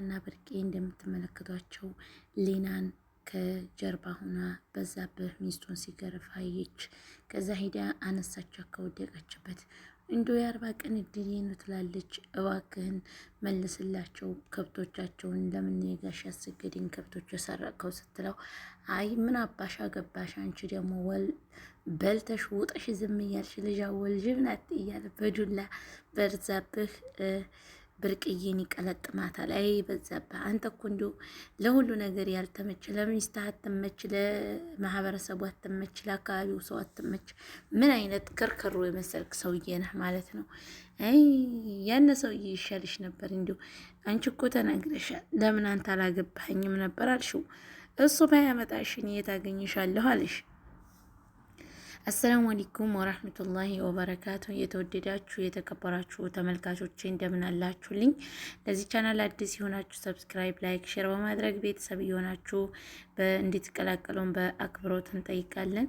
እና ብርቄ እንደምትመለከቷቸው ሌናን ከጀርባ ሆና በዛብህ ሚስቱን ሲገርፍ አየች። ከዛ ሄዳ አነሳቸው ከወደቀችበት። እንዶ የአርባ ቀን እድል ነው ትላለች። እባክህን መልስላቸው ከብቶቻቸውን ለምን የጋሽ አስገድኝ ከብቶች የሰረቀው ስትለው፣ አይ ምን አባሻ ገባሽ አንቺ ደግሞ ወል በልተሽ ውጠሽ ዝም እያልሽ ልጅ እያለ በዱላ በርዛብህ ብርቅዬን ይቀለጥማታል። አይ በዛብህ አንተ እኮ እንዲሁ ለሁሉ ነገር ያልተመች፣ ለሚስትህ አትመች፣ ለማህበረሰቡ አትመች፣ ለአካባቢው ሰው አትመች። ምን አይነት ከርከሮ የመሰልክ ሰውዬ ነህ ማለት ነው። አይ ያነ ሰውዬ ይሻልሽ ነበር እንዲሁ። አንቺ እኮ ተናግረሻል። ለምን አንተ አላገባኝም ነበር አልሽው። እሱ ባያመጣሽን እኔ የት አገኝሻለሁ አለሽ። አሰላሙ አለይኩም ወራህመቱላሂ ወበረካቱ። የተወደዳችሁ የተከበራችሁ ተመልካቾች እንደምን አላችሁልኝ? ለዚህ ቻናል አዲስ የሆናችሁ ሰብስክራይብ፣ ላይክ፣ ሼር በማድረግ ቤተሰብ የሆናችሁ እንድትቀላቀሉን በአክብሮት እንጠይቃለን።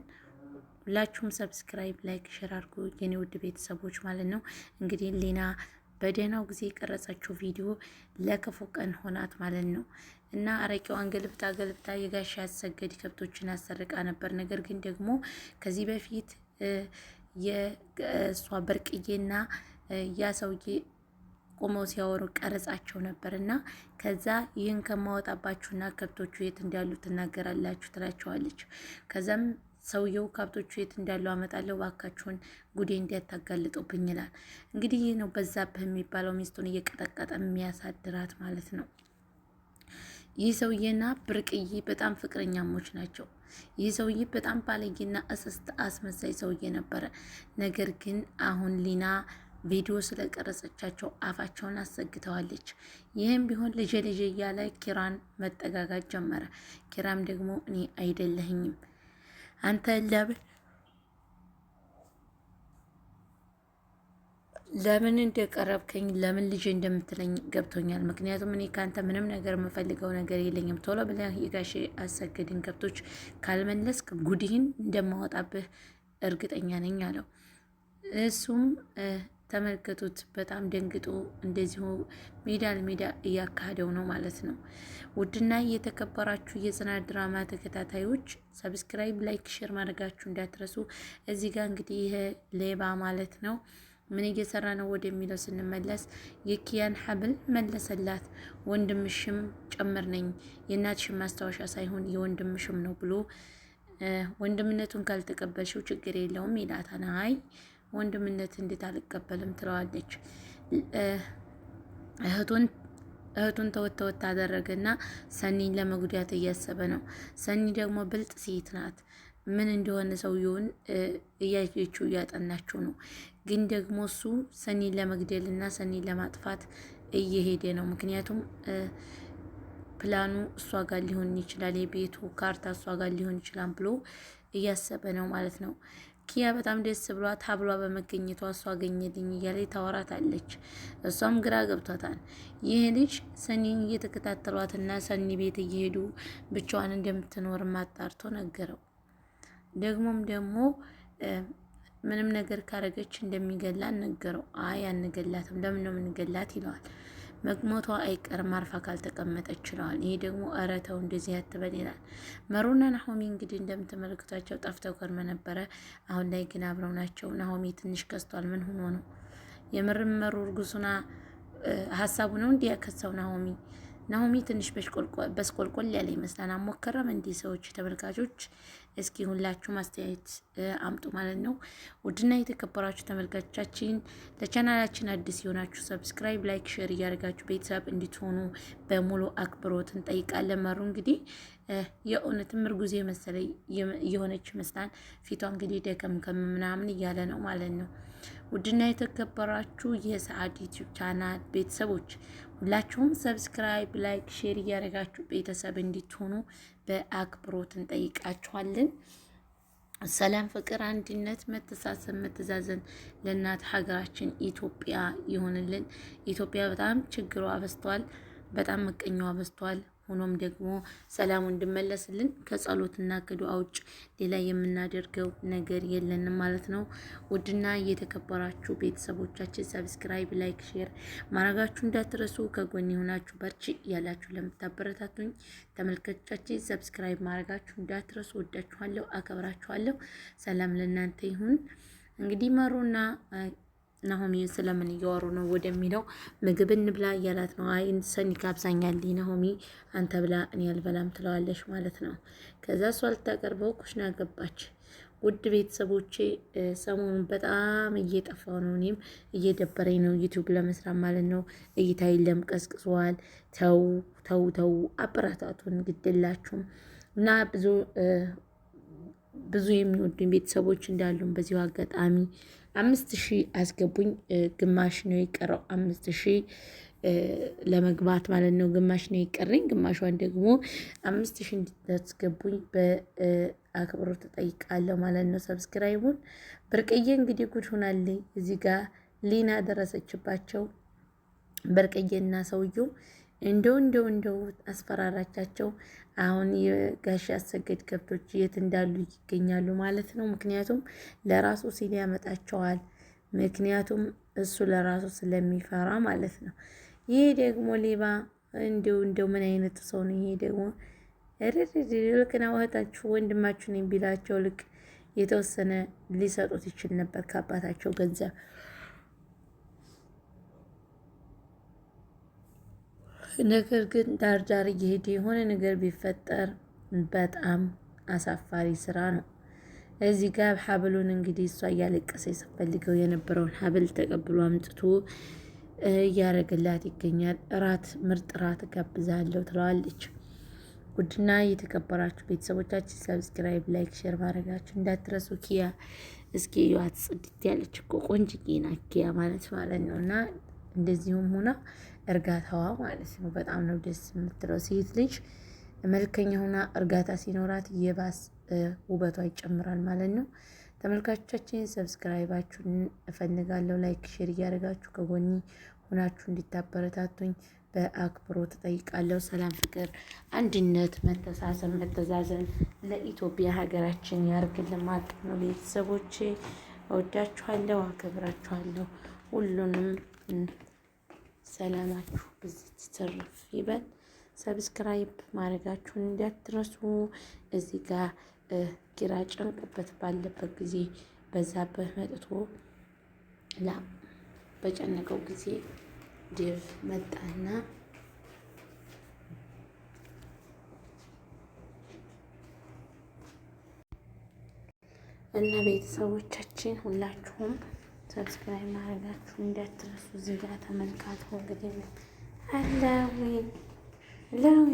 ሁላችሁም ሰብስክራይብ፣ ላይክ፣ ሼር አድርጉ የኔ ውድ ቤተሰቦች ማለት ነው። እንግዲህ ሊና በደህናው ጊዜ የቀረጸችው ቪዲዮ ለክፉ ቀን ሆናት ማለት ነው። እና አረቂዋን ገልብጣ ገልብጣ የጋሻ ያሰገድ ከብቶችን አሰርቃ ነበር። ነገር ግን ደግሞ ከዚህ በፊት የእሷ በርቅዬና ያ ሰውዬ ቆመው ሲያወሩ ቀረጻቸው ነበር እና ከዛ ይህን ከማወጣባችሁና ከብቶቹ የት እንዳሉ ትናገራላችሁ ትላቸዋለች። ከዛም ሰውየው ከብቶቹ የት እንዳለው አመጣለሁ፣ እባካችሁን ጉዴ እንዲያታጋልጡብኝ ይላል። እንግዲህ ይህ ነው በዛብህ የሚባለው ሚስቱን እየቀጠቀጠ የሚያሳድራት ማለት ነው። ይህ ሰውዬና ብርቅዬ በጣም ፍቅረኛሞች ናቸው። ይህ ሰውዬ በጣም ባለጌና እስስት አስመሳይ ሰውዬ ነበረ። ነገር ግን አሁን ሊና ቪዲዮ ስለቀረጸቻቸው አፋቸውን አሰግተዋለች። ይህም ቢሆን ልጄ ልጄ እያለ ኪራን መጠጋጋት ጀመረ። ኪራም ደግሞ እኔ አይደለህኝም አንተ ለምን ለምን እንደቀረብከኝ ለምን ልጅ እንደምትለኝ ገብቶኛል። ምክንያቱም እኔ ከአንተ ምንም ነገር የምፈልገው ነገር የለኝም። ቶሎ ብለህ የጋሽ አሰገድን ከብቶች ካልመለስክ ጉድህን እንደማወጣብህ እርግጠኛ ነኝ አለው እሱም ተመልከቱት። በጣም ደንግጦ እንደዚሁ ሜዳል ሜዳ እያካሄደው ነው ማለት ነው። ውድና እየተከበራችሁ የጽናት ድራማ ተከታታዮች ሰብስክራይብ፣ ላይክ፣ ሼር ማድረጋችሁ እንዳትረሱ። እዚህ ጋር እንግዲህ ይህ ሌባ ማለት ነው ምን እየሰራ ነው ወደሚለው ስንመለስ የኪያን ሀብል መለሰላት። ወንድምሽም ጭምር ነኝ የእናትሽም ማስታወሻ ሳይሆን የወንድምሽም ነው ብሎ ወንድምነቱን ካልተቀበልሽው ችግር የለውም ይላታል። አይ ወንድምነት እንዴት አልቀበልም ትለዋለች። እህቱን እህቱን ተወት ተወት አደረገና ሰኒን ለመጉዳት እያሰበ ነው። ሰኒ ደግሞ ብልጥ ሴት ናት። ምን እንደሆነ ሰውየውን እያየችው እያጠናችው ነው። ግን ደግሞ እሱ ሰኒን ለመግደልና ሰኒ ሰኒን ለማጥፋት እየሄደ ነው። ምክንያቱም ፕላኑ እሷ ጋር ሊሆን ይችላል፣ የቤቱ ካርታ እሷ ጋር ሊሆን ይችላል ብሎ እያሰበ ነው ማለት ነው። ኪያ በጣም ደስ ብሏት ሀብሏ በመገኘቷ እሷ አገኘልኝ እያለች ታወራታለች። እሷም ግራ ገብቷታል። ይህ ልጅ ሰኒን እየተከታተሏትና ሰኒ ቤት እየሄዱ ብቻዋን እንደምትኖር አጣርቶ ነገረው። ደግሞም ደግሞ ምንም ነገር ካረገች እንደሚገላን ነገረው። አይ አንገላትም፣ ለምን ነው የምንገላት ይለዋል። መግሞቷ አይቀርም አርፋ ካልተቀመጠች ይለዋል። ይሄ ደግሞ ረተው እንደዚህ አትበል ይላል። መሩና ናሆሚ እንግዲህ እንደምትመለክቷቸው ጠፍተው ከርመ ነበረ። አሁን ላይ ግን አብረው ናቸው። ናሆሚ ትንሽ ከስቷል። ምን ሆኖ ነው የምርመሩ እርጉሱና ሀሳቡ ነው እንዲህ ያከሳው ናሆሚ ናሆሚ ትንሽ በስቆልቆል ያለ ይመስላል። አሞከረም እንዲህ ሰዎች ተመልካቾች፣ እስኪ ሁላችሁም አስተያየት አምጡ ማለት ነው። ውድና የተከበራችሁ ተመልካቾቻችን ለቻናላችን አዲስ የሆናችሁ ሰብስክራይብ፣ ላይክ፣ ሼር እያደርጋችሁ ቤተሰብ እንድትሆኑ በሙሉ አክብሮት እንጠይቃለን። መሩ እንግዲህ የእውነትም እርጉዝ መሰለ የሆነች ይመስላል። ፊቷ እንግዲህ ደከምከም ምናምን እያለ ነው ማለት ነው። ውድና የተከበራችሁ የሰዓድ ዩቲዩብ ቻናል ቤተሰቦች ሁላችሁም ሰብስክራይብ፣ ላይክ፣ ሼር እያደረጋችሁ ቤተሰብ እንድትሆኑ በአክብሮት እንጠይቃችኋለን። ሰላም፣ ፍቅር፣ አንድነት፣ መተሳሰብ፣ መተዛዘን ለእናት ሀገራችን ኢትዮጵያ ይሆንልን። ኢትዮጵያ በጣም ችግሯ በዝቷል። በጣም ምቀኛዋ በዝቷል። ሆኖም ደግሞ ሰላሙ እንድመለስልን ከጸሎትና ከዱዓ ውጭ ሌላ የምናደርገው ነገር የለንም ማለት ነው። ውድና እየተከበራችሁ ቤተሰቦቻችን ሰብስክራይብ፣ ላይክ፣ ሼር ማድረጋችሁ እንዳትረሱ። ከጎን የሆናችሁ በርቺ ያላችሁ ለምታበረታቱኝ ተመልካቾቻችን ሰብስክራይብ ማድረጋችሁ እንዳትረሱ። ወዳችኋለሁ፣ አከብራችኋለሁ። ሰላም ለእናንተ ይሁን። እንግዲህ መሩና ናሆሚ ስለምን እያወሩ ነው ወደሚለው ምግብ እንብላ እያላት ነው። አይ ሰኒ ካብዛኛል ናሆሚ አንተ ብላ እኔ አልበላም ትለዋለች ማለት ነው። ከዛ እሷ ልታቀርበው ኩሽና ገባች። ውድ ቤተሰቦቼ ሰሞኑን በጣም እየጠፋው ነው፣ እኔም እየደበረኝ ነው ዩቱብ ለመስራት ማለት ነው። እይታይን ለምቀዝቅዘዋል። ተው ተው ተው፣ አበረታቱን ግድላችሁም እና ብዙ ብዙ የሚወዱኝ ቤተሰቦች እንዳሉን በዚሁ አጋጣሚ አምስት ሺህ አስገቡኝ። ግማሽ ነው የቀረው አምስት ሺህ ለመግባት ማለት ነው። ግማሽ ነው የቀረኝ፣ ግማሿን ደግሞ አምስት ሺህ እንድታስገቡኝ በአክብሮ ተጠይቃለሁ ማለት ነው። ሰብስክራይቡን ብርቅዬ እንግዲህ ጉድ ሆናለኝ። እዚህ ጋር ሊና ደረሰችባቸው ብርቅዬና ሰውየው እንደው እንደው እንደው አስፈራራቻቸው። አሁን የጋሽ አሰገድ ከብቶች የት እንዳሉ ይገኛሉ ማለት ነው። ምክንያቱም ለራሱ ሲል ያመጣቸዋል። ምክንያቱም እሱ ለራሱ ስለሚፈራ ማለት ነው። ይሄ ደግሞ ሌባ እንደው እንደው ምን አይነት ሰው ነው ይሄ ደግሞ ልክና እህታችሁ ወንድማችሁን ቢላቸው ልክ የተወሰነ ሊሰጡት ይችል ነበር ከአባታቸው ገንዘብ ነገር ግን ዳር ዳር እየሄደ የሆነ ነገር ቢፈጠር በጣም አሳፋሪ ስራ ነው። እዚህ ጋር ሀብሉን እንግዲህ እሷ እያለቀሰ የሰፈልገው የነበረውን ሀብል ተቀብሎ አምጥቶ እያደረግላት ይገኛል። እራት ምርጥ እራት ጋብዛለሁ ትለዋለች። ውድና የተከበራችሁ ቤተሰቦቻችን ሰብስክራይብ፣ ላይክ፣ ሼር ማድረጋችሁ እንዳትረሱ። ኪያ እስኪ የዋት ጽድት ያለች እኮ ቆንጅዬ ናት ኪያ ማለት ማለት ነው እና እንደዚሁም ሆና እርጋታዋ ማለት ነው። በጣም ነው ደስ የምትለው ሴት ልጅ መልከኛ ሆና እርጋታ ሲኖራት የባስ ውበቷ ይጨምራል ማለት ነው። ተመልካቾቻችን ሰብስክራይባችሁን እፈልጋለሁ። ላይክ፣ ሼር እያደረጋችሁ ከጎኒ ሁናችሁ እንዲታበረታቱኝ በአክብሮ ትጠይቃለሁ ሰላም፣ ፍቅር፣ አንድነት፣ መተሳሰብ፣ መተዛዘን ለኢትዮጵያ ሀገራችን ያርግልን ማለት ነው። ቤተሰቦቼ እወዳችኋለሁ፣ አከብራችኋለሁ ሁሉንም ሰላማችሁ ብዝት ትርፍ ይበል። ሰብስክራይብ ማድረጋችሁን እንዳትረሱ። እዚህ ጋር ኪራ ጨንቁበት ባለበት ጊዜ በዛብህ መጥቶ ላ በጨነቀው ጊዜ ዴቭ መጣና እና ቤተሰቦቻችን ሁላችሁም ሰብስክራይብ ማድረጋችሁ እንዳትረሱ። እዚህ ጋር ተመልካቱ እንግዲህ ለዊ ለዊ